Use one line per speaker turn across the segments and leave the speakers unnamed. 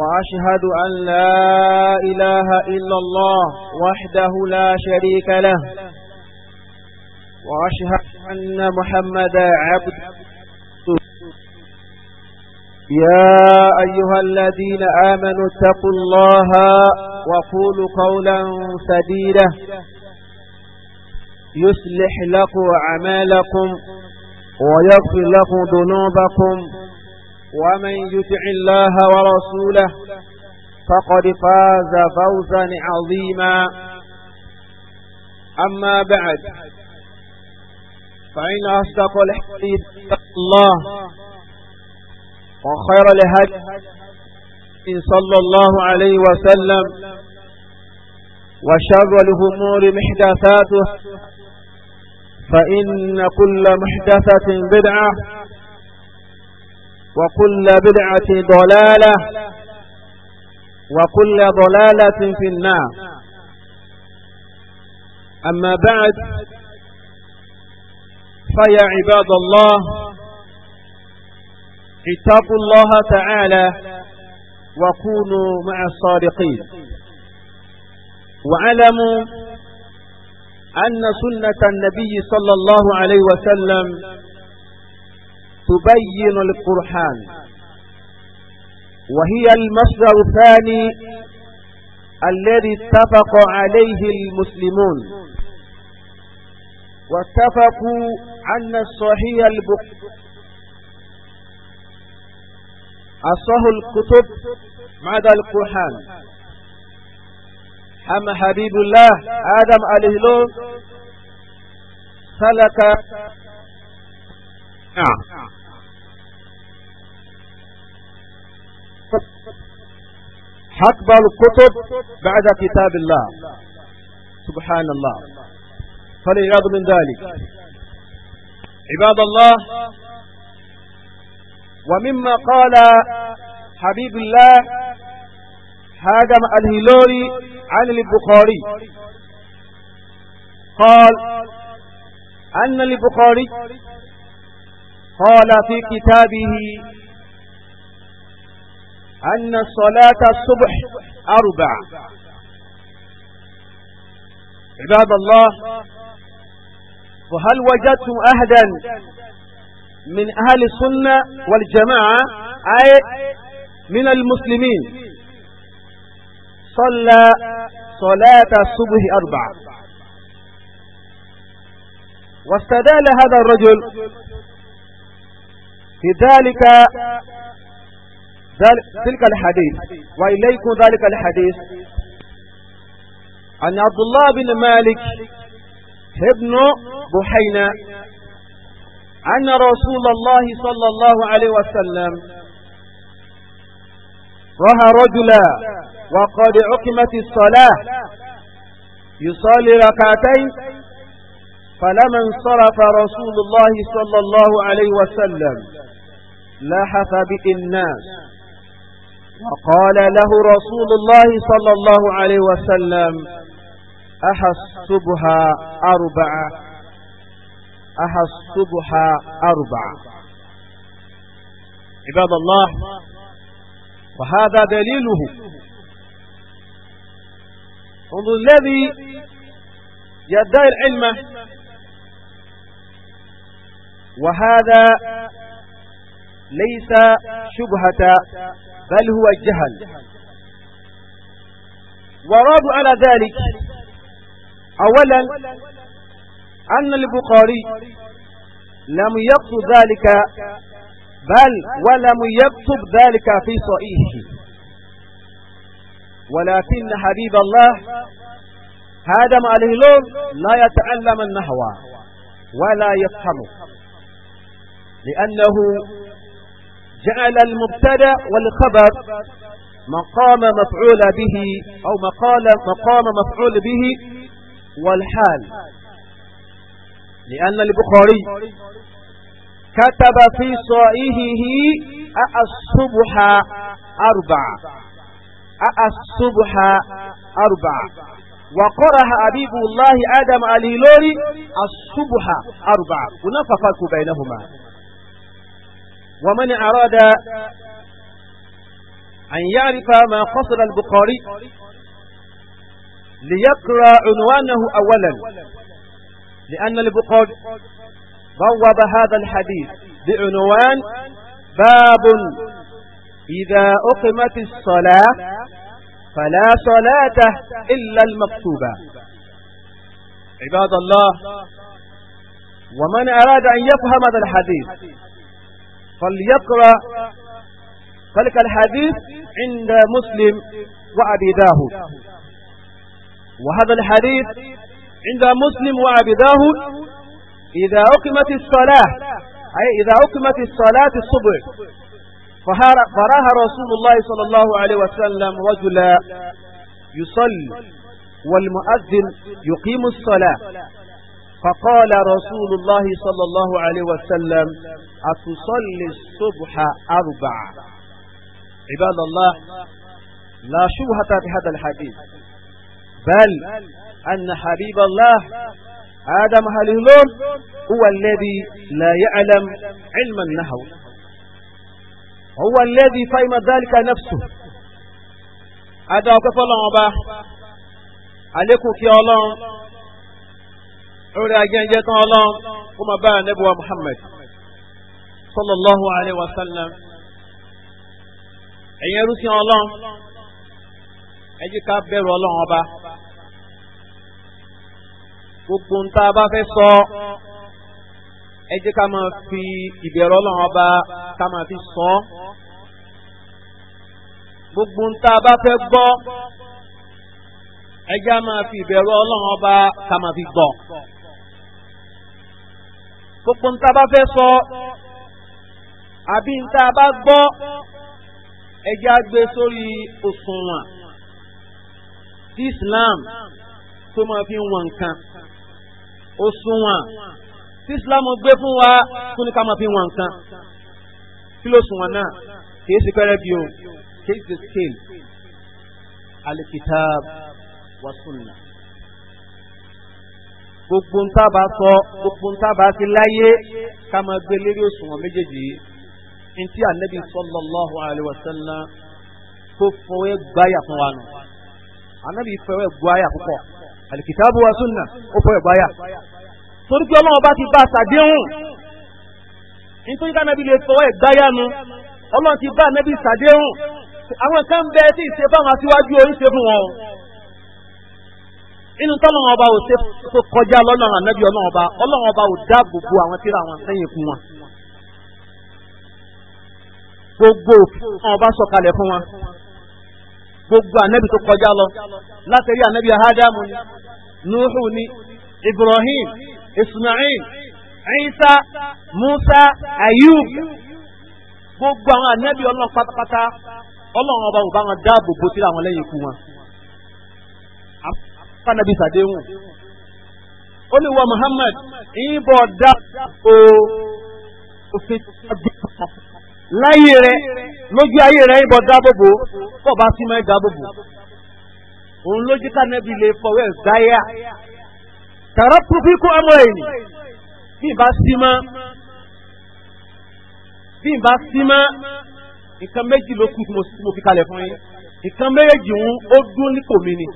وأشهد أن لا إله إلا الله وحده لا شريك له وأشهد أن محمد عبد يا أيها الذين آمنوا اتقوا الله وقولوا قولا سديدا يصلح لكم أعمالكم ويغفر لكم ذنوبكم ومن يطع الله ورسوله فقد فاز فوزا عظيما أما بعد فإن أصدق الحديث الله وخير
الهدي
صلى الله عليه وسلم وشر الأمور محدثاته فإن كل محدثة بدعة وكل بدعة ضلالة وكل ضلالة في النار أما بعد فيا عباد الله اتقوا الله تعالى وكونوا مع الصادقين واعلموا أن سنة النبي صلى الله عليه وسلم تبين القرآن وهي المصدر الثاني الذي اتفق عليه المسلمون واتفقوا أن الصحيح البخاري أصح الكتب بعد القرآن أما حبيب الله آدم عليه السلام سلك نعم. أكبر الكتب بعد كتاب الله سبحان الله فالعياذ من ذلك عباد الله ومما قال حبيب الله هاجم الهلوري عن البخاري قال أن البخاري قال في كتابه أن صلاة الصبح أربع عباد الله فهل وجدتم أهدا من أهل السنة والجماعة أي من المسلمين صلى صلاة الصبح أربعة واستدال هذا الرجل في ذلك تلك الحديث وإليكم ذلك الحديث أن عبد الله بن مالك ابن بحينة أن رسول الله صلى الله عليه وسلم رأى رجلا وقد عقمت الصلاة يصلي ركعتين فلما انصرف رسول الله صلى الله عليه وسلم لاحق به الناس فقال له رسول الله صلى الله عليه وسلم أحسبها أربعة أحسبها أربعة عباد الله وهذا دليله انظر الذي يدعي العلم وهذا ليس شبهة بل هو الجهل وراد على ذلك أولا أن البخاري لم يقصد ذلك بل ولم يكتب ذلك في صحيحه ولكن حبيب الله هذا عليه اللوم لا يتعلم النحو ولا يفهمه لأنه جعل المبتدا والخبر مقام مفعول به أو مقال مقام مفعول به والحال لأن البخاري كتب في صائحه الصبح أربع الصبح أربع وقرأ حبيب الله آدم علي لوري الصبح أربع ونفق بينهما ومن أراد أن يعرف ما قصد البخاري ليقرأ عنوانه أولا لأن البخاري بوب هذا الحديث بعنوان باب إذا أقمت الصلاة فلا صلاة إلا المكتوبة عباد الله ومن أراد أن يفهم هذا الحديث فليقرأ تلك الحديث عند مسلم وأبي داود وهذا الحديث عند مسلم وأبي داود إذا أقمت الصلاة أي إذا أقمت الصلاة الصبح فراها رسول الله صلى الله عليه وسلم رجلا يصلي والمؤذن يقيم الصلاة فقال رسول الله صلى الله عليه وسلم أتصلي الصبح أربع عباد الله لا شبهة بهذا الحديث بل أن حبيب الله آدم هليلون هو الذي لا يعلم علم النهو هو الذي فهم ذلك نفسه هذا وقف الله أبا عليكم كي الله أولا جنجة الله وما بقى نبوة محمد sallallahu alayhi wa sallam ẹ̀yin ẹrú sí ọlọ́run ẹ jẹ́ ká bẹ̀rù ọlọ́run ọba gbogbo ń tá a bá fẹ́ sọ ẹ jẹ́ ká máa fi ìbẹ̀rù ọlọ́run ọba ká máa fi sọ ọ́ gbogbo ń tá a bá fẹ́ gbọ́ ẹ jẹ́ máa fi ìbẹ̀rù ọlọ́run ọba ká máa fi gbọ́ gbogbo ń tá a bá fẹ́ sọ àbí n tá a bá gbọ́ ẹja gbé sórí òṣùwọ̀n tí Islam tó máa fi ń wọn nǹkan òṣùwọ̀n tí Islam gbé fún wa tó ní ká máa fi ń nǹkan kí ló sùnwọ̀n náà kìí ṣe pẹ́rẹ́ bí o kìí ṣe scale alikitab wa sunna gbogbo ń tábà sọ gbogbo ń tábà sí láyé ká máa gbé lérí òṣùwọ̀n méjèèjì yìí ntí anabi sallallahu alayhi wa sallam tó fọwọ́ gbáyà fún wa nù anabi fọwọ́ gbáyà púpọ̀ alikitaabu wa sunna ó fọwọ́ gbáyà torí pé ọlọ́wọ́ bá ti bá sàdéhùn nítorí ká anabi lè fọwọ́ gbáyà nù ọlọ́run ti bá anabi sàdéhùn àwọn kan bẹ tí ì ṣe fáwọn aṣíwájú oríṣi fún wọn inú tọ́lọ́wọ́n ọba ò ṣe kọjá lọ́nà ànábì ọlọ́wọ́n ọba ọlọ́wọ́n ọba ò dáàbò bo àwọn tíra àwọn sẹ́yìn fún wọn. gbogbo ọba wọn bá sọ̀kalẹ̀ fún wa gbogbo anabi tó kọjá lọ látẹ̀rí ànábì ni nuhu ni ibrahim ismail isa musa ayub gbogbo àwọn ànábì pátápátá ọba òbá wọn dáàbò bó tí àwọn ikú wọn. sàdéhùn ó ní wọ ìyìnbọn dá o òfin láyé rẹ lójú ayé rẹ ìbọn dábòbò kọ́ bá sí máa dábòbò òun lójú kánẹ́bí lè fọwọ́ ẹ̀ gáyà tààrà púpí kó ọmọ ẹ̀yìn bí ìbá sí mọ́ bí ìbá sí mọ́ nǹkan méjì ló kù tí mo fi kalẹ̀ fún yín nǹkan méjì ń ó dún nípò mi ni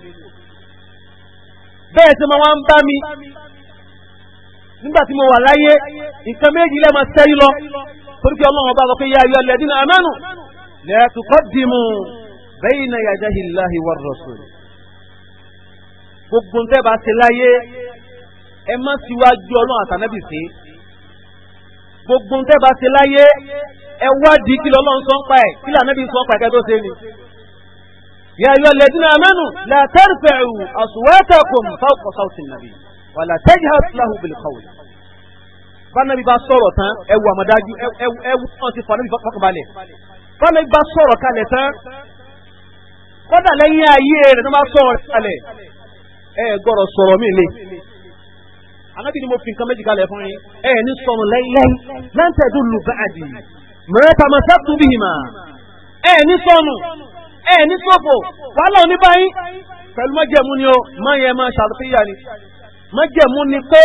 bẹ́ẹ̀ tí mo wá ń bá mi nígbà tí mo wà láyé nǹkan méjì lẹ́ẹ̀ máa sẹ́yìn lọ torí pé ọlọ́run ọba sọ pé yá ayọ́ alladhina amanu la tuqaddimu bayna yadayi llahi war rasul. gbogbo ntẹ́ bá ti láyé ẹ má síwájú ọlọ́run àtànábì sí gbogbo ntẹ́ bá ti láyé ẹ wádìí kí lọ́lọ́run sọ ń pa ẹ̀ kí lànábì sọ ń pa ẹ̀ kẹ́tọ́ sí ni. يا أيها الذين آمنوا لا ترفعوا أصواتكم فوق صوت النبي ولا تجهر bánabi bá sọ̀rọ̀ tán ẹwù àmọ̀dájú ẹwù tán ti fànàbí fọkànbalẹ̀ bánabi bá sọ̀rọ̀ kalẹ̀ tán kọ́dà lẹ́yìn ayé rẹ̀ tó bá sọ̀rọ̀ kalẹ̀ ẹ gbọ́dọ̀ sọ̀rọ̀ mí le anábì ni mo fi nǹkan méjì kalẹ̀ fún yín ẹ ní sọnù lẹ́yìn lẹ́ńtẹ̀dù lùbáàdì mẹ́ta máa sẹ́kùn bíi mà ẹ ní sọnù ẹ ní sọ̀fọ̀ wàhálà oníbáyín pẹ̀lú mọ́jẹ̀mú ni ó máa yẹ máa ṣàlùfíyà ni mọ́jẹ̀mú ni pé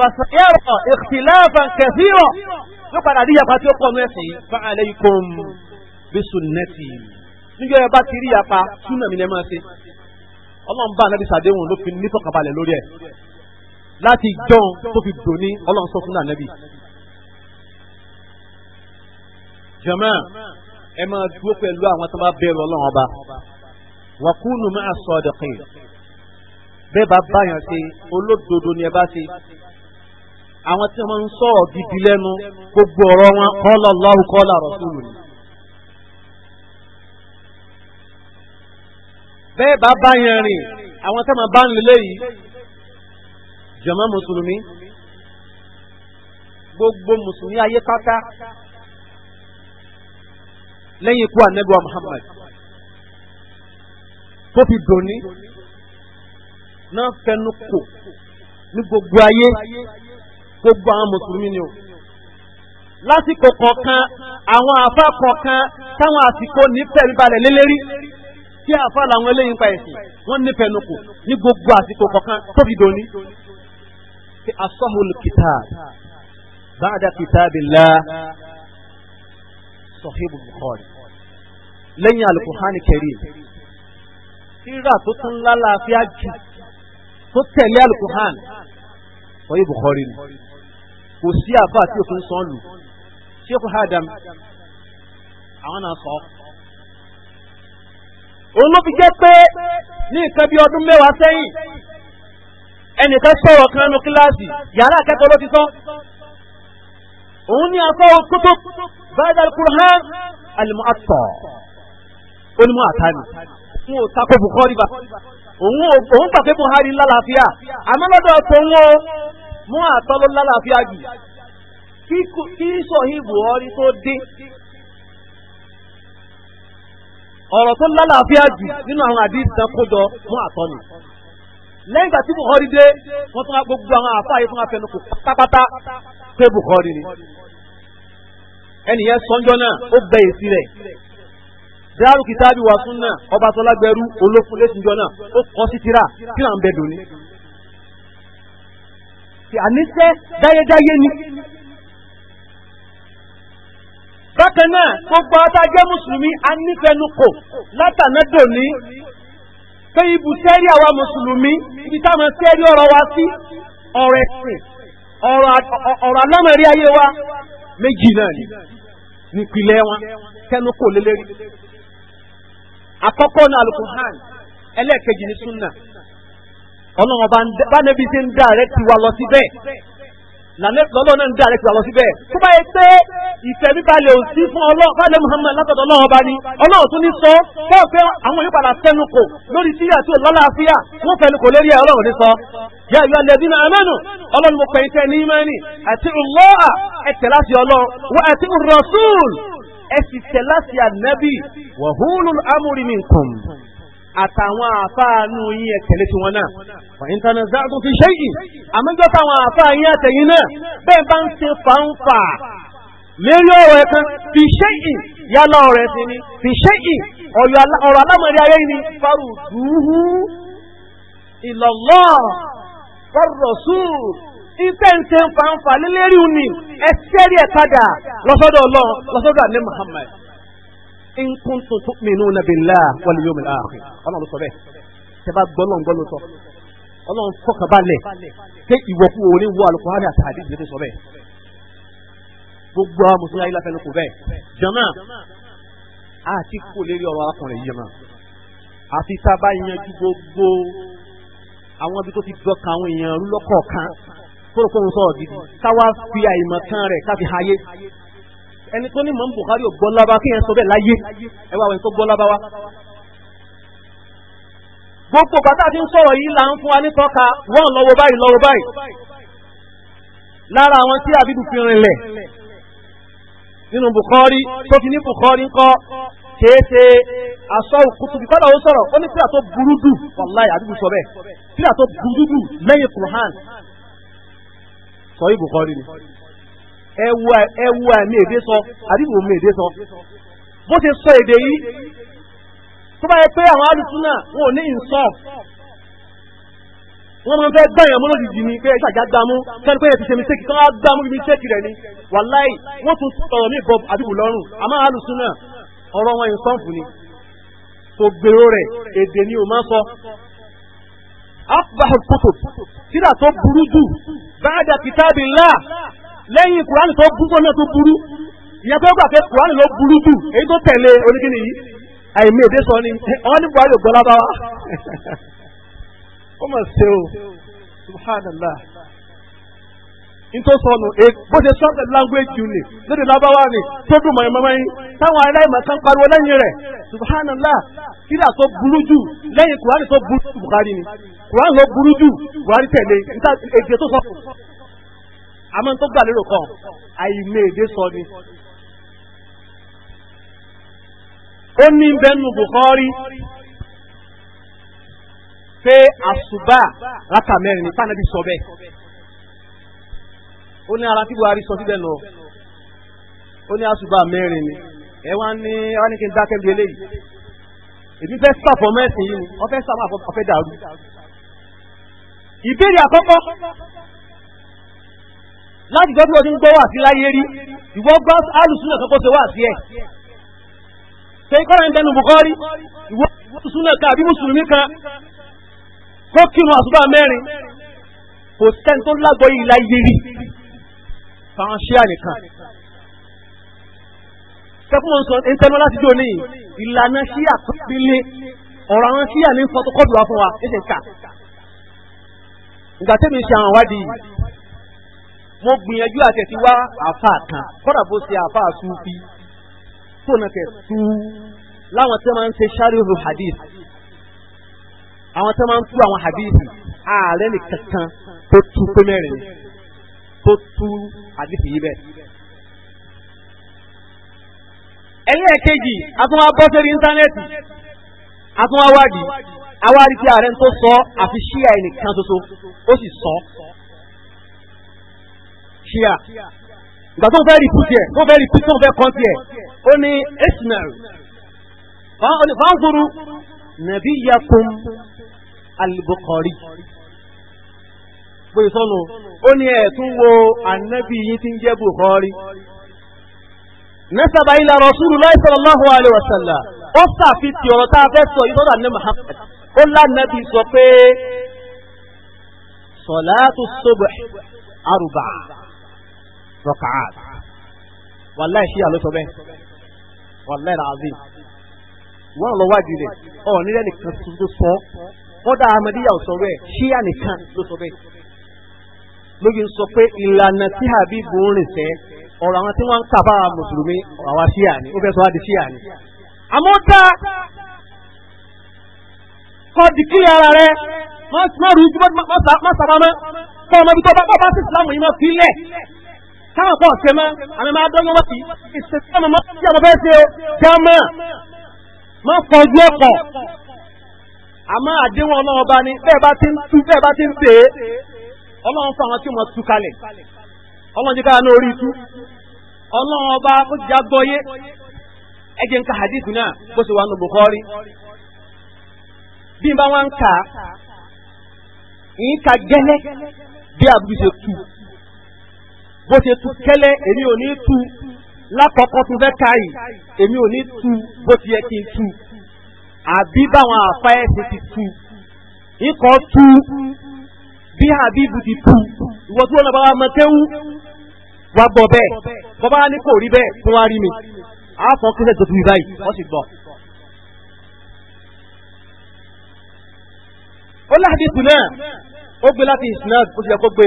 fasayara ikhtilafan kathira yóò padà rí yapa tí ó pọ̀ ní ẹ̀sìn yìí fa alaykum bi sunnati níjọ́ ẹ bá ti rí yapa súnà mi lẹ́ máa ṣe ọlọ́run bá anabi sàdéhùn ló fi nífọ̀kàbalẹ̀ lórí ẹ̀ láti jọ́n tó fi dòní ọlọ́run sọ fún anabi. jama ẹ máa dúró pẹ̀lú àwọn tó bá bẹ̀rù ọlọ́run ọba wa kunu ma'a sadiqin bẹ́ẹ̀ bá báyàn ṣe olódodo ni ẹ bá ṣe àwọn tí wọ́n ń sọ̀rọ̀ gidi lẹ́nu gbogbo ọ̀rọ̀ wọn kọ́lá Allahu kọ́lá Rasulu ni. bẹ́ẹ̀ bá bá yẹn rìn àwọn tí wọ́n bá ń lélẹ̀ yìí jàmá mùsùlùmí gbogbo mùsùlùmí ayé pátá lẹ́yìn ikú anẹ́gbà Muhammad tó fi dòní náà fẹnu kò ní gbogbo ayé gbogbo àwọn mùsùlùmí ni o lásìkò kọ̀ọ̀kan àwọn àfa kọ̀ọ̀kan táwọn àsìkò nífẹ̀ẹ́ bíbalẹ̀ lélẹ́rí tí àfa làwọn eléyìí ń pa ẹ̀sìn wọ́n nífẹ̀ẹ́ nukù ní gbogbo àsìkò kọ̀ọ̀kan tó fi dòní. ṣe asọ́hùn kitab ba'da kitabillah sọ̀híbù bukhari lẹ́yìn alukuhani karim rírà tó tún lálàáfíà jù tó tẹ̀lé alukuhani sọ̀híbù bukhari ni kò sí àfáà tí òfin sàn lù Sheikh Adam àwọn náà sọ. òun ló fi jẹ́ pé ní nǹkan bí ọdún mẹ́wàá sẹ́yìn ẹnìkan sọ̀rọ̀ kan nínú kíláàsì yàrá akẹ́kọ̀ọ́ ló ti sọ. òun ní afọ́ kutub ba'da al-Qur'an al onímọ̀ àtàní fún òtakò Bukhari bá òun gbà Buhari ńlá làáfíà àmọ́ lọ́dọ̀ tó ń wọ́n mú àtọ́ ló lálàáfíà jù kí sọ̀hí buhari tó dé ọ̀rọ̀ tó lálàáfíà jù nínú àwọn àdìsí tán kójọ mú àtọ́ ni lẹ́yìn ìgbà tí buhari dé wọ́n tún wá gbogbo àwọn àfáàyè fún afẹnukù pátápátá pé buhari ni ẹnìyẹn sọ́njọ́ náà ó bẹ èsì rẹ̀ dáàrú kìtàbí wàásù náà ọba tọ́lágbẹ́rú olófin lẹ́sìnjọ́ náà ó kọ́ sí tírà kí ń bẹ dòní àníṣẹ́ dáyédáyé ni. bákan náà gbogbo adájẹ́ mùsùlùmí a nífẹ̀ẹ́nukò látànádò ní pé ibùsẹ́rí àwa mùsùlùmí ibi táwọn sẹ́rí ọ̀rọ̀ wa sí ọ̀rọ̀ ẹ̀sìn ọ̀rọ̀ alámọ̀rí ayé wa méjì náà ni nípìnlẹ̀ wọn tẹnu kò lélẹ́rí. àkọ́kọ́ náà alukuhan ẹlẹ́ẹ̀kejì ní sunna ọlọ́run ọba bánẹ́bí ṣe ń dá rẹ ti wá lọ síbẹ̀ lọ́lọ́ náà ń dá rẹ ti wá lọ síbẹ̀ tó bá yẹ pé ìfẹ́ bíbalẹ̀ ò sí fún ọlọ́run bá lè látọ̀dọ̀ ọlọ́run ọba ni ọlọ́run tún ní sọ bẹ́ẹ̀ pé àwọn yóò padà fẹnu kò lórí síyà tó lọ́láàfíà wọ́n fẹnu kò lórí ẹ̀ ọlọ́run ní sọ. yà yọ ẹlẹ́bí náà amẹ́nu ọlọ́run mo pè iṣẹ́ ní imani àti ọlọ́à ẹ láti ọlọ́run wọ́n tẹ̀ láti ànábì wọ̀húnú amúrí minkum àtàwọn àfáànù yín ẹ̀tẹ̀lé tí wọn náà wà ìntànà záàtò fi ṣe yìí àmọ́jọ́ táwọn àfáà yín àtẹ̀yìn náà bẹ́ẹ̀ bá ń ṣe fàǹfà lérí ọ̀rọ̀ ẹ̀kan fi ṣe yìí yálà ọ̀rọ̀ ẹ̀sìn ni fi ṣe yìí ọ̀rọ̀ alámọ̀rí ayé ni fárú dùúhù ìlọ̀lọ́ fárú rọ̀súù ń ṣe fàǹfà lérí ni ẹ̀ṣẹ́rí ẹ̀ padà lọ́sọ́dọ̀ ọlọ́ lọ́sọ́dọ̀ in kuntum tu'minuna billahi wal yawmil akhir ọlọ́run sọ bẹ́ẹ̀ tẹ bá gbọ́ lọ́n gbọ́ ló sọ ọlọ́run fọkàn balẹ̀ pé ìwọ̀kú òní wọ Al-Qur'ani àti hadith ti sọ bẹ́ẹ̀ gbogbo àwọn mùsùlùmí ayé láfẹ́ ló kù bẹ́ẹ̀ jama àti kò lérí ọ̀rọ̀ arákùnrin yìí mọ́ àfi tá a bá gbogbo àwọn ibi tó ti dọ̀kan àwọn èèyàn lọ́kọ̀ọ̀kan kórókòrò sọ̀rọ̀ gidi táwa fi àìmọ̀kan rẹ̀ káfi hayé ẹni tó ní mọ̀mú Bukhari ò gbọ́lába kí yẹn sọ bẹ́ẹ̀ láyé ẹ wá wẹ̀yìn tó gbọ́lába wa. gbogbo bàtà tí ń sọ̀rọ̀ yìí là ń fún wa ní tọ́ka wọ́n lọ́wọ́ báyìí lọ́wọ́ báyìí lára àwọn tí àbídù fi rinlẹ̀ nínú Bukhari tó fi ní Bukhari ńkọ́ kéèké aṣọ òkútùbí kọ́dà ó sọ̀rọ̀ ó ní tíra tó burú dù wàláyé àbídù sọ bẹ́ẹ̀ tíra tó burú dù lẹ́yìn Qur'an sọ ẹwu àmì èdè sọ àdìbò mi èdè sọ bó ṣe sọ èdè yìí tó bá yẹ pé àwọn alùsùnà wọn ò ní ìsọf wọ́n máa ń fẹ́ gbẹ̀yàn mọ́ lójijì ni pé ṣàjá gbámú kẹ́ni pé ẹ̀ ti ṣe mistake kí wọ́n gbámú ibi mistake rẹ̀ ni wàláì wọ́n tún sọ̀rọ̀ ní bob àdìbò lọ́rùn àmọ́ alùsùnà ọ̀rọ̀ wọn ìsọf ni kò gbèrò rẹ̀ èdè ni ò máa sọ afbahu kutub sídà tó burú jù báàdà kìtàbí ńlá lẹ́yìn kùránì tó bú fún náà tó burú ìyẹn tó gbà pé kùránì ló burú jù èyí tó tẹ̀lé oníkíni yìí àìmí èdè sọ ni wọn ní buhari ògbọ́n lábáwá ó mà ṣe o subhanallah nítorí sọnù e, bó ṣe sọ́ọ̀tẹ̀ language unit lóde lábáwá ni tó dùn mọ̀ ẹ̀mọ́mọ́ yín táwọn aláìmọ̀ kan pariwo lẹ́yìn rẹ̀ subhanallah kíra tó burú jù lẹ́yìn kùránì tó burú jù buhari ni kùránì ló burú jù buhari tẹ̀lé èdè tó sọ àmọ́ tó gbà lérò kan àìmé èdè sọ ni. ó ní bẹ́nu Bukhari pé àṣùbà rákà ní pàǹdàbí sọ bẹ́ẹ̀. ó ní ara tí Buhari sọ síbẹ̀ nù ó ní àṣùbà mẹ́rin ni ẹ wá ní ẹ wá ní kí n dákẹ́ bí eléyìí èmi fẹ́ sàfọ̀ mẹ́sìn yìí ni wọ́n fẹ́ sàmọ́ àfọ̀fẹ́ dàrú. ìbéèrè àkọ́kọ́ láti gbọ́ bí wọ́n ti ń gbọ́ wà sí láyé rí ìwọ gbọ́ alùsúnà kan kó ṣe wà sí ẹ̀ ṣe kọ́ra ń dẹnu bukọ́rí ìwọ alùsúnà kan àbí mùsùlùmí kan kó kírun àsùbá mẹ́rin kò sẹ́ni tó lágbọ́ yìí láyé rí fáwọn ṣíà nìkan kẹfún wọn sọ ẹntẹnu láti jò ní ìlànà ṣíà tó gbélé ọ̀rọ̀ àwọn ṣíà ní fọtọkọ́dù wa fún wa ní ṣe ń kà ìgbà tẹ́mi ṣe àwọn ìwádìí mo gbìyànjú àtẹ̀tí wá àfa kan kọ́dà bó ṣe àfa sufi tó na tẹ̀ su láwọn tí máa ń ṣe ṣáríhù hadith àwọn tí wọ́n máa ń tú àwọn hadith ààrẹ nìkan kan tó tú pé mẹ́rin tó tú hadith yìí bẹ́ẹ̀. ẹlẹ́ẹ̀kejì àtúnwá bọ́ sórí íńtánẹ́ẹ̀tì àtúnwá wádìí awárí tí ààrẹ tó sọ àfi ṣíà ẹnìkan ṣoṣo ó sì sọ ṣíà ìgbà tó ń fẹ́ rìpítì ẹ̀ tó ń fẹ́ rìpítì tó ń fẹ́ kọ́ntì ẹ̀ ó ní ismail fáńkúrú nàbí yakun alibukori bóyá sọ́nù ó ní ẹ̀ẹ́tún wo ànábì yín ti ń jẹ́ bukhari nasaba ila rasulullahi sallallahu alaihi wasallam ó sàfitì ọ̀rọ̀ tá a fẹ́ sọ ìtọ́jà ní muhammad ó lánàbì sọ pé salatu subh arba'a rọkàt wàláì ṣíyà ló sọ bẹ́ẹ̀ wàláì ràzí wọn lọ wádìí rẹ ọ nílẹ nìkan tó sọ kódà amadiya ò sọ bẹ́ẹ̀ ṣíyà nìkan ló sọ bẹ́ẹ̀ lójú sọ pé ìlànà tí habibu ń rìn fẹ́ ọ̀rọ̀ àwọn tí wọ́n ń kàbá mùsùlùmí ọ̀rọ̀ àwa ṣíyà ni ó fẹ́ sọ wá di ṣíyà ni. àmọ́ ta kọ́ dìkìlì ara rẹ má rú jùmọ̀ má sábà mọ́ kọ́ ọmọ ibi tó bá pọ̀ sí ìsìlámù yìí mọ́ sílẹ̀. táwọn pọ̀ ṣe mọ́ àmì máa dọ́gbọ́n mọ́ sí ìṣẹ̀tẹ́mọ̀ mọ́ sí ọmọ bẹ́ẹ̀ ṣe jámọ́ mọ́ fọjú ọ̀pọ̀ àmọ́ àdéhùn ọlọ́run bá ní bẹ́ẹ̀ bá ti ń tú bẹ́ẹ̀ bá ti ń tè é ọlọ́run àwọn tí wọ́n kalẹ̀ jẹ́ bó ṣe tú kẹ́lẹ́ èmi ò ní tú lákọ̀ọ́kọ́ tó fẹ́ ka yìí èmi ò ní tú bó ti yẹ kí n tú àbí báwọn àfa ẹ̀sìn ti tú ikọ̀ tú bí Habibu ti tú ìwọ tí wọn lọ bá wa mọ kéwú wa gbọ́ bẹ́ẹ̀ bọba ní kò rí bẹ́ẹ̀ tó wá rí mi àáfọn kí n ṣètò tóbi báyìí wọn sì gbọ́. ó láti tù náà ó gbé láti ìsìn náà ó ti yẹ kó gbé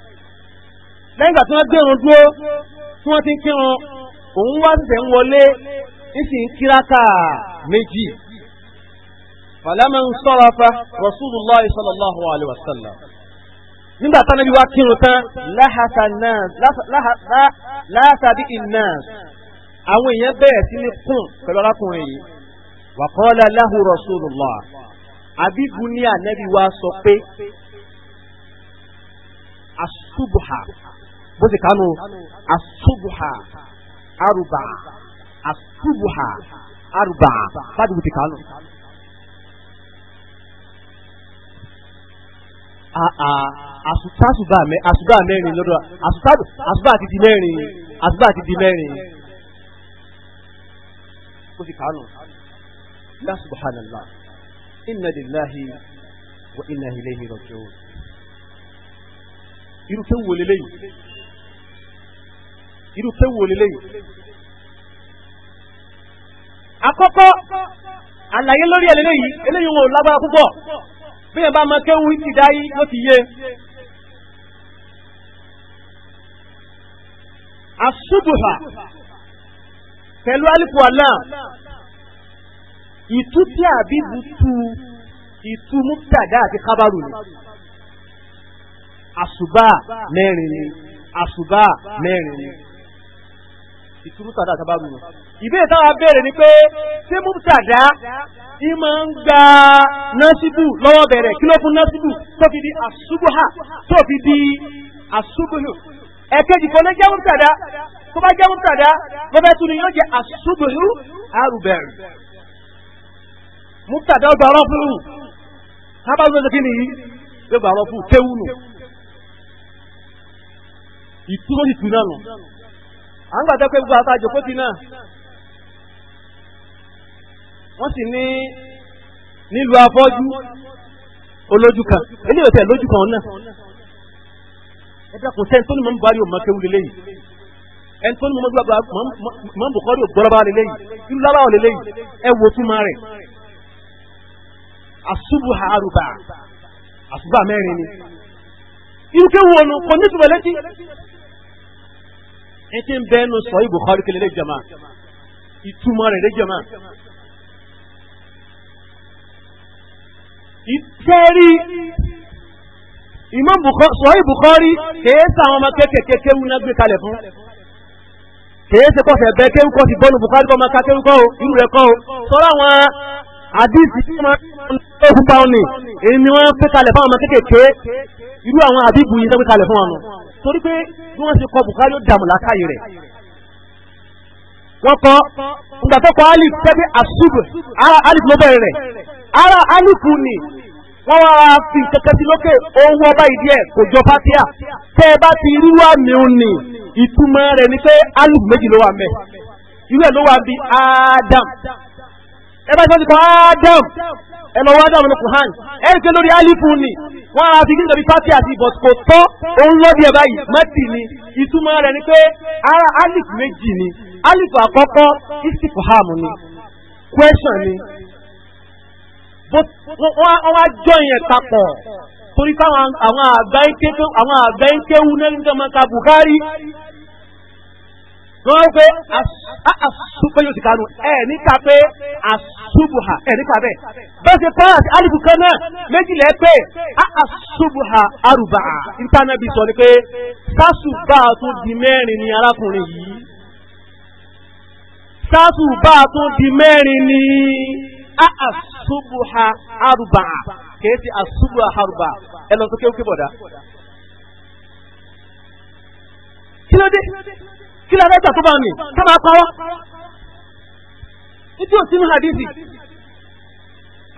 lẹ́yìn ìgbà tí wọ́n gbẹ̀rún dúró tí wọ́n ti ń kírun òun wá ń wọlé níṣì ń ń sallallahu alayhi wa sallam. Nígbà táwọn ẹbí wa kírun tán, láhàtà náà láhàtà bí iná. Àwọn èèyàn bẹ̀rẹ̀ sí ní kùn pẹ̀lú arákùnrin yìí. bó ti kánú asubuha aruba asubuha aruba bájú bó ti kánú. Asubuha asubuha merin. mẹ́rin lọ́dọ̀ asuba ti di mẹ́rin asuba ti di mẹ́rin bó ti kánú. la subhanallah inna lillahi wa inna ilayhi raji'un. irú kéwù òlélẹ́yìn. àkọ́kọ́ àlàyé lórí ẹlẹ́lẹ́yìí eléyìí wọn ò lágbára púpọ̀ bí yẹn bá mọ kéwù ti dá yìí ló ti yé. àṣùbùhà pẹ̀lú alifu àná ìtú tí àbíbu tu ìtú muftada àti kábàrù ni àṣùbà mẹ́rin ni àṣùbà mẹ́rin ni ìtúrútàdá àtàbárù yẹn ìbéèrè táwa béèrè ni pé ṣé múbùtàdá tí máa ń gba násìbù lọ́wọ́ bẹ̀rẹ̀ kí ló fún násìbù tó fi di àṣubùhà tó fi di àṣubùhù ẹ̀kejì kan ló jẹ́ múbùtàdá tó bá jẹ́ múbùtàdá lọ́fẹ́ tún ni yóò jẹ́ àṣubùhù àrùbẹ̀rù múbùtàdá ọgbà rọ́pùrù tábàlù lọ́sẹ̀ kí ni yìí gbà rọ́pùrù kéwù nù ìtúró ìtúná nù à ń gbàtẹ́ pé gbogbo àtàjò kó ti náà wọ́n sì ní nílùú afọ́jú olójú kan eléyìí ò tẹ̀ lójú kan náà ẹgbẹ́ kò sẹ́ni tó ní mọ̀ ń bari òmò kéwu lélẹ́yìí ẹni tó ní mọ̀ ń gbàgbà mọ̀ ń bùkọ́rí ògbọ́lọ́ba lélẹ́yìí ìlú lábàwọ̀ lélẹ́yìí ẹ wo túmọ̀ rẹ̀ àṣùbù àrùbà àṣùbà mẹ́rin ni irú kéwu ọ̀nà kò ní tùmọ̀ létí ẹtí ń bẹ́ẹ̀ nu sọ ìbò kọ́rí kele lè jama ìtumọ̀ rẹ̀ lè jama. ìtẹ́rí Imam sọ ìbò kọ́rí kèé sàwọn ọmọ kékèké kéwù náà gbé kalẹ̀ fún kèé ṣe kọ́fẹ̀ bẹ́ẹ̀ kéwù kọ́ ti bọ́ọ̀lù bùkárí kọ́ máa ka kéwù kọ́ irú rẹ̀ kọ́ o àwọn àdìsí tí wọ́n ń lọ́ọ́ fún báwọn ni èyí ni wọ́n gbé kalẹ̀ fáwọn ọmọ kékèké irú àwọn àbíbù yìí sẹ́gbẹ́ kalẹ̀ fún wọn nù torí pé bí wọ́n ṣe kọ bùkárí ó dààmú làákàyè rẹ̀ wọ́n kọ́ ìgbà tó kọ alif tẹ́bí asub alif ló bẹ̀rẹ̀ rẹ̀ ara alif ni wọ́n wá fi kẹ̀kẹ́ sí lókè owó ọba ìdí ẹ̀ kò jọ fatia tẹ́ ẹ bá ti irú àmì òní ìtumọ̀ rẹ̀ ni pé alif méjì ló wà mẹ́ irú ẹ̀ ló wà bí Adam ẹ bá ti kọ́ Adam ẹlọ wá dáwọn Qur'an ẹ̀ẹ́sẹ̀ lórí alifu ni wọ́n ara fi gíndọ̀bí pátí àti ìbọ̀t kò tọ́ òun lọ́dí ẹ̀bá yìí mẹ́tì ni ìtumọ̀ rẹ̀ ni pé ara alifu méjì ni alifu àkọ́kọ́ istifham ni question ni wọ́n wá jọ yẹn papọ̀ torí káwọn àwọn àgbáyé kéwú náà ń jọ mọ́ta Bukhari wọ́n wọ́n pé asúpẹ́ yóò ti kanu ẹ̀ níta pé asúbùhà ẹ̀ níta bẹ́ẹ̀ bẹ́ẹ̀ ṣe pé a kan náà méjìlẹ̀ pé sọ ni pé sásùbà di mẹ́rin ni arákùnrin yìí di mẹ́rin ni a arùbà kìí ti asúbùhà ẹ lọ sókè ókè kí ló rẹ́ta tó bá mi sábà pawọ́ nítorí òsì ní hadithi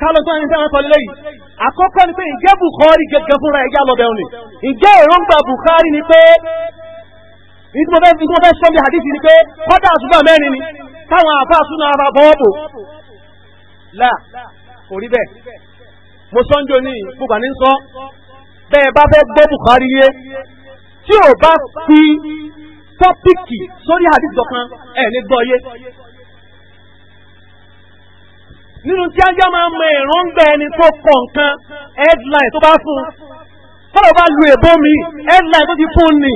kálọ̀ tó ẹni sáwọn sọlẹ̀ yìí àkọ́kọ́ ni pé ǹjẹ́ Bukhari gẹ́gẹ́ fúnra ẹ̀yà lọ́bẹ̀ òní ǹjẹ́ èròǹgbà Bukhari ni pé ìtumọ̀fẹ́ ìtumọ̀fẹ́ sọ́ndì hadithi ni pé kọ́dà àtúbà mẹ́rin ni táwọn àfa àtúnà ara bọ́ọ̀bù là kò rí bẹ́ẹ̀ mo sọ́njọ́ ní gbogbo àní sọ bẹ́ẹ̀ bá fẹ́ gbọ́ Bukhari yé tí ò bá fi tọ́pìkì sórí àdìsọ kan ẹ̀ ní gbọ́ yé nínú tí ajá máa mọ ìrọ́ngbẹ́ ẹni tó kọ nǹkan headline tó bá fún fọ́lọ̀ bá lu èbó mi headline tó ti fún ni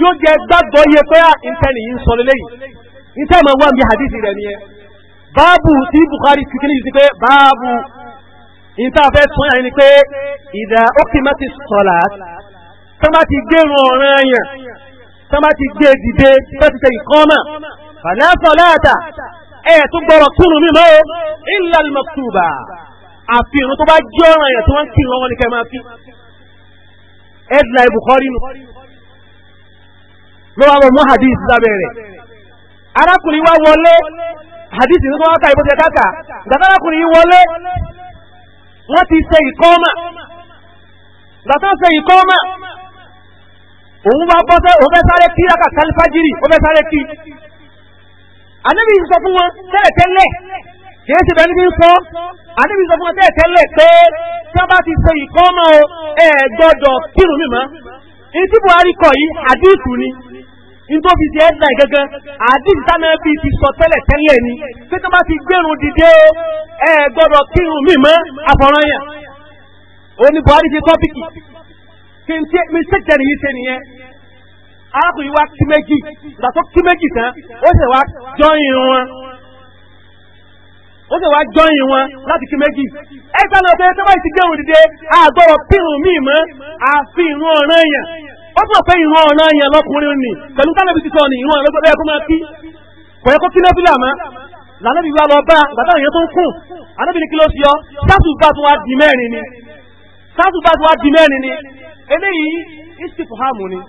yóò jẹ gbàgbọ́ yẹ pé ìtẹ́nì ah, yìí ń sọ lélẹ́yìn ìtẹ́ máa wà mí hadithi rẹ̀ nìyẹn báàbù tí Bukhari ti kéde yìí ti pé báàbù ìta fẹ́ sọ yà ni pé ìdá ókè má ti sọ̀lá tó má ti gé wọn ọ̀ràn yẹn sábà ti gbé dìde láti ṣe nǹkan náà fàlẹ́sọ̀ láàtà ẹ̀ tó gbọ́rọ̀ kúrò nínú o illa al-maktuba àfihàn tó bá jẹ́ ọ̀ràn èèyàn tó wọ́n ń kí lọ́wọ́ ní kẹ́ máa fi ẹ̀dùnà ìbùkọ́rí nù ló wà wọ́n mú hadith lábẹ́ rẹ̀ arákùnrin wá wọlé hadith ní wọ́n ká ìbọ̀tẹ̀ káka gbàtà arákùnrin yìí wọlé wọ́n ti ṣe ìkọ́mà gbàtà ṣe ìkọ́mà òun bá bọ́ sẹ́ òun fẹ́ sáré kí rákà kálífájírì òun fẹ́ sáré kí. àníbi sọ fún wọn tẹ́lẹ̀ tẹ́lẹ̀ kìí ṣe bẹ́ẹ̀ ní sọ àníbi sọ fún wọn tẹ́lẹ̀ tẹ́lẹ̀ pé tí wọ́n bá ti ṣe ìkọ́mọ ẹ̀ gbọ́dọ̀ kírun mi mọ́. ìtí Buhari kọ yìí àdìsù ni nítorí fi ṣe ẹ̀dá gẹ́gẹ́ àdìsù táná bíi ti sọ tẹ́lẹ̀ tẹ́lẹ̀ ni pé tí wọ́n bá ti gbẹ̀rún dìde ẹ̀ gbọ́dọ̀ kírun mi mọ́ àfọ̀rọ̀ yẹn. òní Buhari ṣe tọ́pìkì tẹ̀ntẹ́ mistake tẹ̀lé yìí ṣe nìyẹn arákùnrin wa kí méjì ìgbà tó kí méjì tán ó sì wá jọyìn wọn ó sì wá jọyìn wọn láti kí méjì ẹ sá lọ pé tó bá ti gbẹ̀rù dìde àgbọ̀rọ̀ pírun míì mọ́ àfi ìrún ọ̀ràn èèyàn ó sì mọ̀ pé ìrún ọ̀ràn èèyàn lọkùnrin nì pẹ̀lú tálẹ́bí ti sọ ní ìrún ọ̀ràn bẹ́ẹ̀ kó máa kí kò yẹ kó kí lẹ́bí làmá lànàbí wa lọ bá gbàdá èèyàn tó ń kùn àdébìnrin kí ló ṣe yọ sátù bá tó wá di mẹ́rin ni sátù bá tó wá di mẹ́rin ni eléyìí istifhamu ni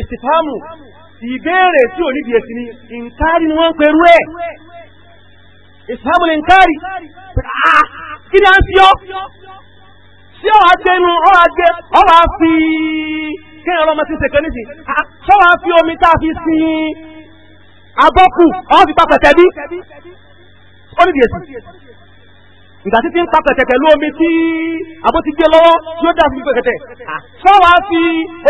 istifhamu ìbéèrè tí ò nídìí ẹ̀sìn ni nkari ni wọ́n ń ẹ̀ istifhamu ni nkari ah, kí ni a ń fi ọ́ sí ọ̀rọ̀ agbẹnu ọ̀rọ̀ agbẹ ọ̀rọ̀ afi kí ni ọlọ́mọ ti ń ah, fi sin abọ́kù fi pa pẹ̀tẹ́ bí ó ẹ̀sìn. ìgbà títí ń pa pẹ̀kẹ̀tẹ̀ ló omi tí àbó ti gbé lọ́wọ́ tí ó dàbí pẹ̀kẹ̀tẹ̀ sọ́wọ́ fi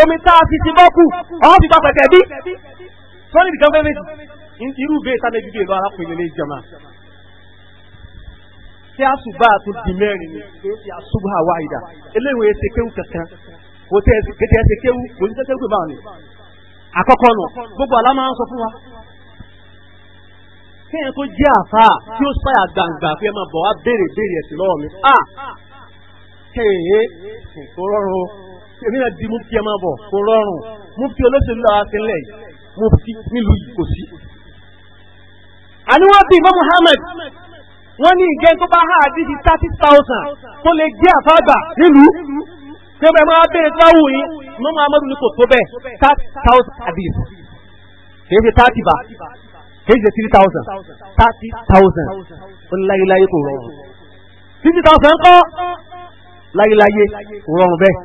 omi tá a fi ti bọ́ kù ọ̀hún fi pa pẹ̀kẹ̀ bí sọ́ni nìkan fẹ́ méjì irú bẹ́ẹ̀ sáré bíbí èlò arákùnrin ní ìjọba tí a sùn bá a tún di mẹ́rin ni pé tí a sùn bá a wá ìdá eléwé ṣe kéwù kankan kò tẹ̀ ẹ́ ṣe kéwù kò ní ṣe kéwù pé báwọn ni àkọ́kọ́ nù gbogbo àlámà ń sọ fún wa kéèyàn tó jẹ́ àfa tí ó sáyà gbangba fún ẹ máa bọ̀ wá béèrè béèrè ẹ̀sìn lọ́wọ́ mi. a kéèyàn kò rọrùn èmi náà di mufti ẹ máa bọ̀ kò rọrùn mufti olóṣèlú làwọn ti ń lẹ̀ yìí mufti nílùú yìí kò sí. àní wọ́n bí ìmọ̀ Muhammad wọ́n ní ìgẹ́ tó bá háàdì sí thirty thousand tó lè jẹ́ àfa àgbà nílùú tí ó bẹ máa béèrè tó bá wù yín mọ́ Muhammad ní kò tó bẹ́ẹ̀ thirty thousand hadith kì í ṣe thirty bá kìí ṣe three thousand thirty thousand ó ní láyéláyé kò rọrùn fifty thousand kọ́
láyéláyé kò rọrùn bẹ́ẹ̀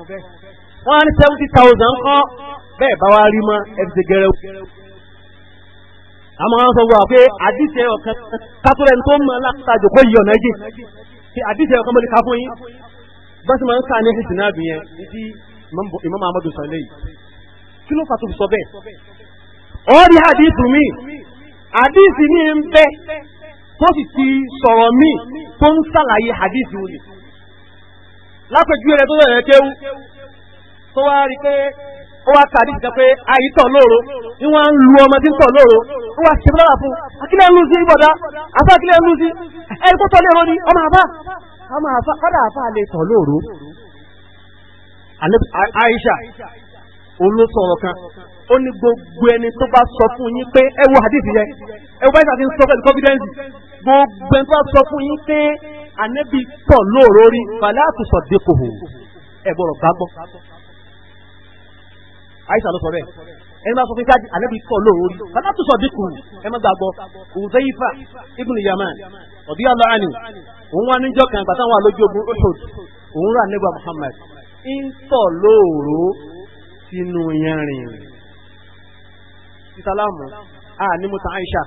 wọ́n á ní seventy thousand kọ́ bẹ́ẹ̀ bá wá rí mọ́ ẹ̀fẹ̀ gẹ̀rẹ́ àmọ́ wọn sọ wọ́n pé àdìsẹ́ ọ̀kan kátólẹ́ni tó mọ̀ látàjò kó yí ọ̀nà ẹ̀jẹ̀ ti àdìsẹ́ ọ̀kan mọ́ni fún yín bọ́sí máa ń ká ní ẹ̀sìn náà bìyẹn ní Imam Ahmadu sọ lẹ́yìn kí ló fà tó fi sọ bẹ́ẹ̀ ọ̀rí àdìsù mi àdìsí ní ń bẹ tó sì ti sọ̀rọ̀ mí tó ń sàlàyé àdìsí wọn ni rẹ tó kéwú tó wá rí pé wá ka àdìsí pé ayé tọ̀ lóru ni wọ́n ń lu ọmọdé tọ̀ lóru ó wá ṣe fún akílẹ̀ ń lu sí ibọ̀dá akílẹ̀ ń lu sí ẹni tó tọ̀ ọmọ òun ló kan ó ní gbogbo ẹni tó bá sọ fún yín pé ẹ wo hadith yẹn ẹ wo gbogbo ẹni tó bá sọ fún yín pé ànábì tọ̀ lóòrò rí falẹ́ àtúnṣọ ẹ gbọ́dọ̀ àyíṣà ló sọ bẹ́ẹ̀ ẹni máa sọ fún káàdì ànábì tọ̀ lóòrò rí àtúnṣọ ẹ má gbàgbọ́ Yaman òun níjọ́ Muhammad ń tọ̀ sínú yanrìn ìsàlámù a ní mo ta Aisha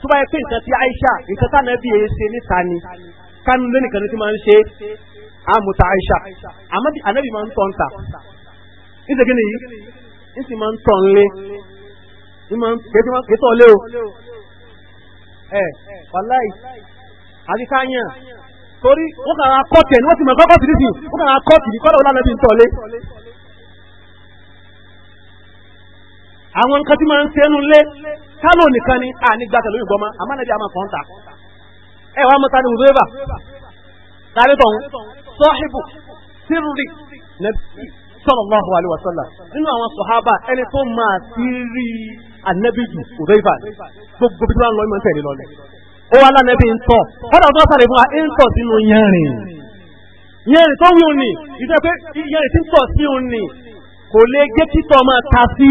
tó bá yẹ pé nǹkan ti Aisha nǹkan tá nàbí yẹn ṣe níta ni kánú lónìí kan tí máa ń ṣe a mo ta Aisha àmọ́bí ànábì máa ń tọ̀ ń ta níṣẹ́ kí ni yìí ń sì máa ń tọ̀ ń lé ń tọ̀ lé o ẹ wàláì àdìkáyàn torí wọ́n kàn án kọ́ọ̀tì ẹ̀ ni wọ́n ti mọ̀ ẹ̀kọ́ kọ́ọ̀tì nísìnyí wọ́n kàn án kọ́ọ̀tì ní kọ́ọ̀tì ọ̀la nàbí ń tọ̀ lé. àwọn nǹkan tí máa ń sẹ́nu lé kálò nìkan ni ànígbà tẹ̀lé òyìnbó ma àmàlẹ́bí àmà kan ta ẹ wàá mọ́ta ni wùdóyèbà tàbí tọ̀hún sọ́hìbù sírùrì nàbí sallallahu alaihi wasallam nínú àwọn sọ̀hábà ẹni tó máa ti rí ànẹ́bí jù wùdóyèbà gbogbo bí wọ́n lọ ìmọ̀ tẹ̀lé lọ́lẹ̀ ó wá lánàbí ń tọ̀ kọ́dà tó sàlẹ̀ fún wa ń tọ̀ sínú yẹrin yẹrin tó wí òní ìdẹ́pẹ́ yẹrin tí ń tọ̀ sí òní kò lè gé títọ́ máa ta sí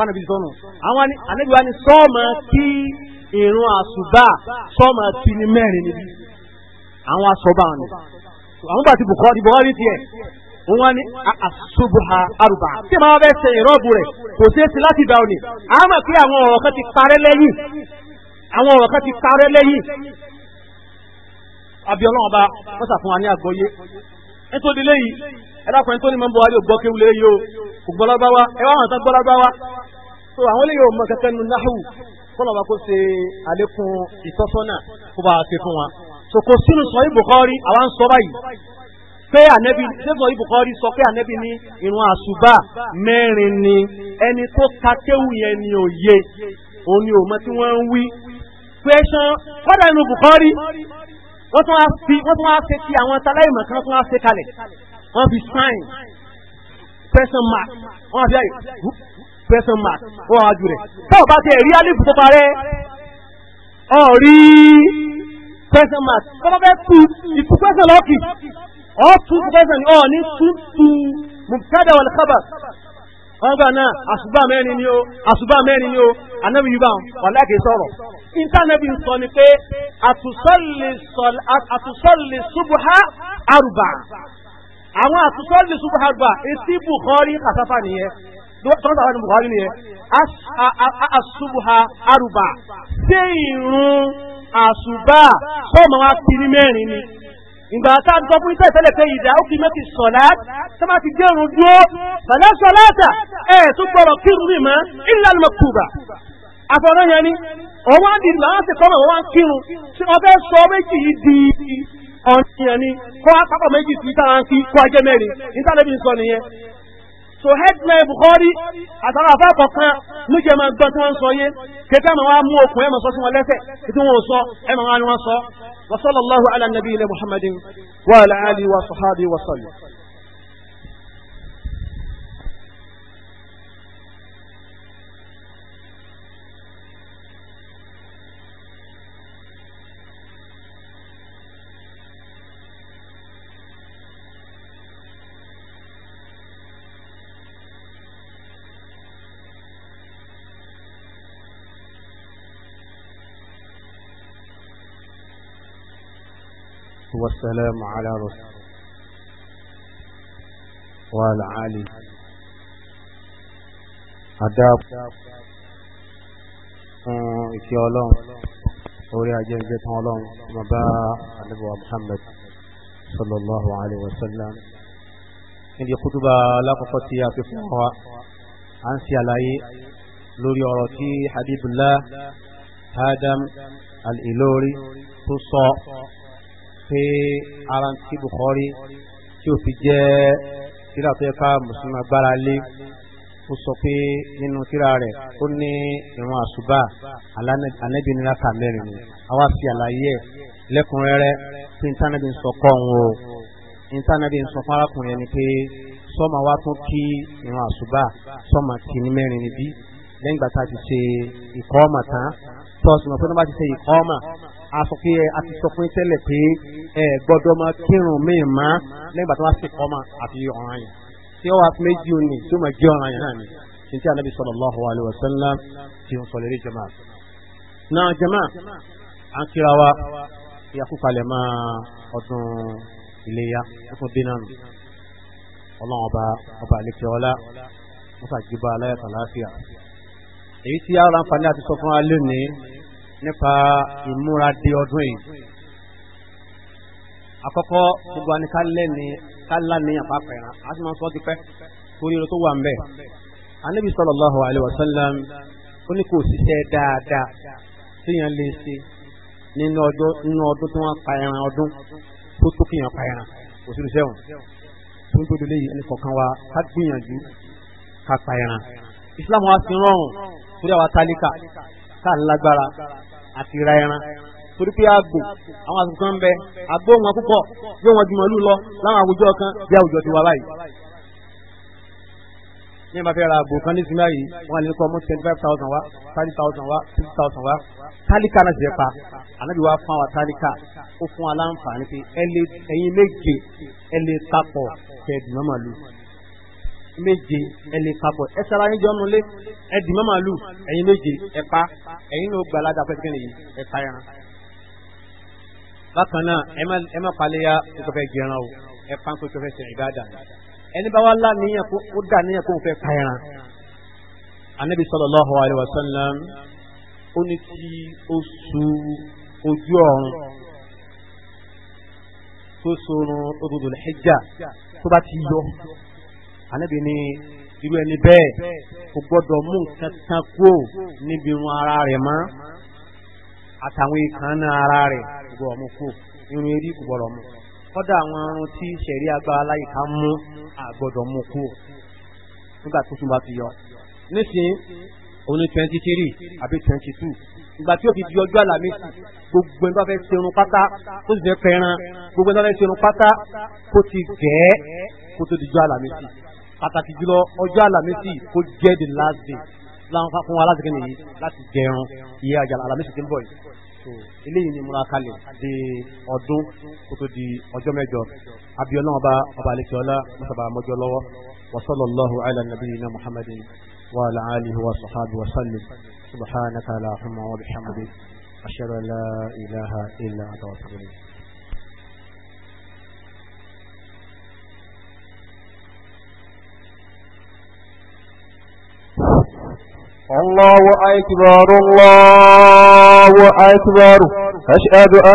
bánàbí sọnù àwọn ni sọ́ọ̀mà kí ìrun àṣùbà sọ́ọ̀mà kí ni mẹ́rin níbi àwọn aṣọ́bà ni àwọn bàtí bùkọ́ tiẹ̀ wọ́n ní àṣubuha arúgbà tí màá bẹ́ẹ̀ ṣe ìrọ́bù rẹ̀ kò ṣeé ṣe láti òní àmọ́ pé àwọn ọ̀rọ̀ kan ti parẹ́ lẹ́yìn àwọn ọ̀rọ̀ kan ti parẹ́ lẹ́yìn abiola ọba wọ́n sàfún wa ní àgbọ́yé nítorí lẹ́yìn ẹ̀dá kan tó ní mọ́ bọ́ wá yóò gbọ́ o kò gbọ́lábá wa ẹ wá àwọn tán gbọ́lábá so àwọn eléyìí ò mọ kẹkẹ nu náhù kọlọba kó ṣe àlékún ìtọ́sọ́nà kó bá ṣe fún wa so kò sínú sọ ibùkọ́rí àwa ń sọ báyìí pé ànẹ́bí sẹ́sọ̀ ibùkọ́rí sọ pé ànẹ́bí ní ìrun àṣùbà mẹ́rin ni ẹni tó ka kéwù yẹn ni òye òun ni òun mọ tí wọ́n ń wí question kọ́dà inú bùkọ́rí wọ́n tún wá fi wọ́n tún wá ṣe ti àwọn taláìmọ̀ kan tún wá ṣe kalẹ̀ wọ́n fi sign question mark wọ́n á fi àyè question mark wọ́n á ju rẹ̀ tó o bá tẹ ẹ̀rí alif tó parẹ́ ọ̀ rí question mark tó bá fẹ́ tu ìtú question lọ́ọ̀kì ọ̀ tún question ọ̀ ní tún tu mubtada wal khabar ọgbà náà àṣùbà mẹ́rin ni ó àṣùbà mẹ́rin ni ó anábì yúbà ọ̀lẹ́kì sọ̀rọ̀ ìntánẹ́bì sọ ni pé àtúsọ́lì ṣubha àrùbà àwọn àtúnṣọ́lì ṣubúhàgbà etí Bukhari kàsáfà nìyẹn tọ́lọ́tà wà ní Bukhari nìyẹn àṣubúhà arùbà ṣé ìrun àṣùbà fọ́ọ̀mù wa ti ní mẹ́rin ni ìgbà tá a gbọ́ fún iṣẹ́ ìtẹ́lẹ̀ pé ìdá ó fi mẹ́tì sọ̀lá tó máa ti dé irun dúró bàlẹ́ sọ̀lá àtà ẹ̀ tó gbọ́rọ̀ kírun mi mọ́ ìlànà al-maktuba àfọ̀rọ̀ yẹn ni ọ̀wọ́n di làwọn àṣekọ́mọ̀ wọn á kírun tí wọ́n fẹ́ sọ méjì yìí di ọ̀nìyàn ni kó wá pápọ̀ méjì sí táwọn kí kó ajẹ́ mẹ́rin nítàlẹ́bí ń sọ nìyẹn so headline Bukhari àtàwọn afẹ́kọ̀ọ́ kan níjẹ́ máa gbọ́ tí wọ́n ń sọ yé kékeré máa wá mú okùn ẹ̀ máa sọ sí wọn lẹ́sẹ̀ títí wọn sọ ẹ̀ máa wá ni wọ́n sọ wa sallallahu ala wa sallam. والسلام على رسول والعالي أداب آه، إكي أولون
أولي أجل جيت أولون مباء النبوة محمد صلى الله عليه
وسلم إني خطبة لا قفتي في فوقها أنسي علي لوري أوروتي حبيب الله هادم الإلوري قصة pé ara ti Bukhari tí ó fi jẹ́ tírà tó yẹ ká mùsùlùmí agbára lé ó sọ pé nínú tírà rẹ̀ ó ní ìrun àṣùbà ànábì ní rákà mẹ́rin ni àwa fi àlàyé ẹ̀ lẹ́kùnrẹ́rẹ́ tí ntánẹ́bì ń sọ kọ́ o ntánẹ́bì sọ fún arákùnrin pé sọ́mà wa tún kí ìrun àṣùbà sọ́mà kì ní mẹ́rin níbí lẹ́yìn gbàtà ti ṣe ìkọ́ ọ̀mà tán tọ́sùmọ̀ fún ọmọ ti ṣe ìkọ́ ọ̀mà a sọ pé a ti sọ fún tẹ́lẹ̀ pé ẹ gbọ́dọ̀ máa kírun míì má lẹ́yìn bàtà wá sí kọ́mà àti ọ̀ràn yẹn tí ó wá fún méjì òní tí ó máa jẹ́ ọ̀ràn yẹn náà ni tí n tí anabi sallallahu alaihi wasallam ti ń sọ lórí jama. náà jama à ń kíra wa ìyàkúkalẹ̀ máa ọdún iléyà ọdún dín náà nù ọlọ́run ọba ọba àlekè ọlá wọ́n kà aláyàtọ̀ láàfíà èyí tí yàrá àǹfààní àti sọ fún wa lónìí nípa ìmúra de ọdún yìí àkọ́kọ́ gbogbo àni ká lẹ́ni ká lánì àpapẹ̀rẹ̀ a ti máa sọ ti pẹ́ torí ẹni tó wà ń bẹ̀ anabi sallallahu wa sallam ó ní kò ṣiṣẹ́ dáadáa tíyan lè ṣe nínú ọjọ́ nínú ọdún tí wọ́n pa ẹran ọdún tó tó kíyàn pa ẹran kò sí iṣẹ́ wọn tó ń tó délé ẹni kọ̀ọ̀kan wa ká gbìyànjú ká pa ẹran Islam wa ti rọrùn torí àwa tálíkà tá à ń lágbára àti ra ẹran torí pé àgbò àwọn àgbò kan ń bẹ àgbò wọn púpọ̀ yóò wọn ju màálù lọ láwọn àwùjọ kan bí àwùjọ ti wà báyìí ní ìbá fẹ́ ra àgbò kan ní sinmi ayé wọn lè kọ́ mú twenty five thousand wa thirty thousand wa fifty thousand wa tálíkà náà ṣe pa ànábì wa fún àwọn tálíkà ó fún aláǹfààní pé ẹyin méje ẹ lè papọ̀ kẹ́ẹ̀dùn méje ẹlẹ papọ̀ ẹ sara yín jọ nulẹ̀ ẹ dì mọ́ màálù ẹ̀yin méje ẹ pa ẹ̀yin ní o gbà ládàá pẹ́ẹ́kẹ́ nìyí ẹ pa ẹran. bákan náà ẹ má palẹ̀yà tó fẹ́ jẹran o ẹ pa tó fẹ́ ṣe ìbáàdà ẹni bá wà lá níyàn kó ó dà níyàn kó o fẹ́ pa ẹran. anabi sallallahu alaihi wasallam ó ní tí ó su ojú ọ̀run tó sorun odòdó lẹ́jà tó bá ti yọ ànábì ni irú ẹni bẹ́ẹ̀ kò gbọ́dọ̀ mú nǹkan kan kúrò níbi irun ara rẹ̀ mọ́ àtàwọn ìkànnà ara rẹ̀ kò gbọ́dọ̀ mú kúrò irun eré kò gbọ́dọ̀ mú kọ́dà àwọn arun tí sẹ̀rí agbára láyìíká mú àgbọ̀dọ̀ mú kúrò nígbà tó tún bá ti yọ nísìnyí òun ni twenty three àbí twenty two ìgbà tí o fi di ọjọ́ àlàmísì gbogbo ẹni tó fẹ́ serun pátá tó sì fẹ́ fẹ́ràn gbogbo ẹni tó fẹ́ serun pátá kó ti gẹ̀ẹ́ kó tó di ọjọ́ àlàmísì pàtàkì jùlọ ọjọ́ àlàmísì kó jẹ́ the last day láǹfà fún wa láti kí nìyí láti jẹun iye àjà àlàmísì tí ń bọ̀ yìí so eléyìí ni múra kalẹ̀ di ọdún kó tó di ọjọ́ mẹ́jọ abiola ọba ọba alekiola mọ́sàbà mọ́jọ lọ́wọ́ wa sallallahu ala nabiyyina muhammadin wa ala alihi wa sahbihi wa sallim subhanaka allahumma wa bihamdik ashhadu an la ilaha illa anta astaghfiruka
الله أكبر الله أكبر أشهد أن